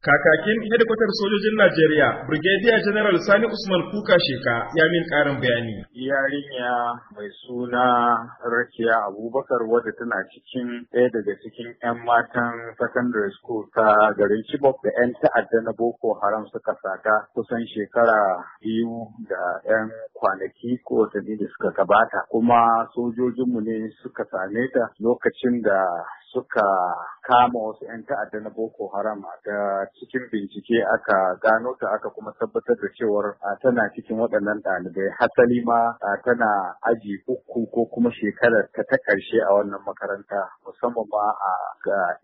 Kakakin hedikwatar sojojin Najeriya, Brigadier General Sani Usman Kuka Sheka ya min ƙarin bayani. Yarinya mai suna Rakiya Abubakar wadda tana cikin ɗaya daga cikin 'yan matan secondary school ta garin Chibok da 'yan ta'adda na Boko Haram suka sata kusan shekara biyu da 'yan kwanaki ko watanni da suka gabata. Kuma sojojinmu ne suka same ta lokacin da suka kama wasu 'yan ta'adda na Boko Haram da cikin bincike aka gano ta aka kuma tabbatar da cewar tana cikin waɗannan ɗalibai hasali ma tana aji uku ko kuma shekarar ta ta ƙarshe a wannan makaranta musamman ma a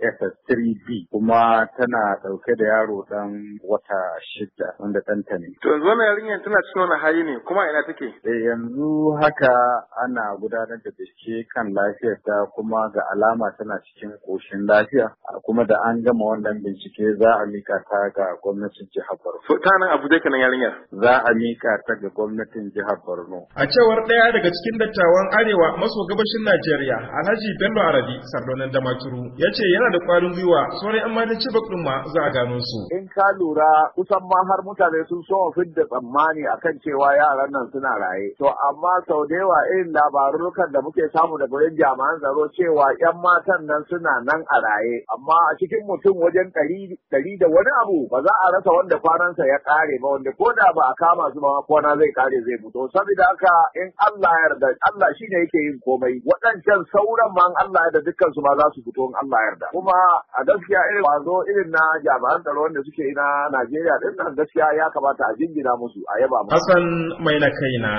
SS3B kuma tana ɗauke da yaro ɗan wata shida wanda ɗanta ne. To yanzu wannan yarinyar tana cikin wani hali ne kuma ina take? Eh, yanzu haka ana gudanar da bincike kan lafiyarta kuma ga alama tana cikin ƙoshin lafiya. Yeah kuma da an gama wannan bincike za a mika ta ga gwamnatin jihar Borno. Ta nan Abuja kenan yarinyar. Za a mika ta ga gwamnatin jihar Borno. A cewar ɗaya daga cikin dattawan Arewa maso gabashin Najeriya Alhaji Bello Arabi Sardonan Damaturu ya ce yana da ƙwarin gwiwa sauran 'yan matan ci bakin ma za a gano su. In ka lura kusan ma har mutane sun so fidda tsammani akan cewa yaran nan suna raye. To amma sau da yawa irin labarurukan da muke samu daga wurin jami'an tsaro cewa 'yan matan nan suna nan a raye amma amma a cikin mutum wajen ɗari da wani abu ba za a rasa wanda kwanansa ya ƙare ba wanda ko da ba a kama su ba kwana zai ƙare zai fito saboda haka in Allah ya yarda Allah shine yake yin komai waɗancan sauran ma Allah ya yarda dukkan su ma za su fito in Allah ya yarda kuma a gaskiya irin wazo irin na jami'an tsaro wanda suke na Najeriya din nan gaskiya ya kamata a jingina musu a yaba musu Hassan mai na kaina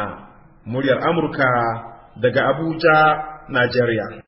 muryar Amurka daga Abuja Najeriya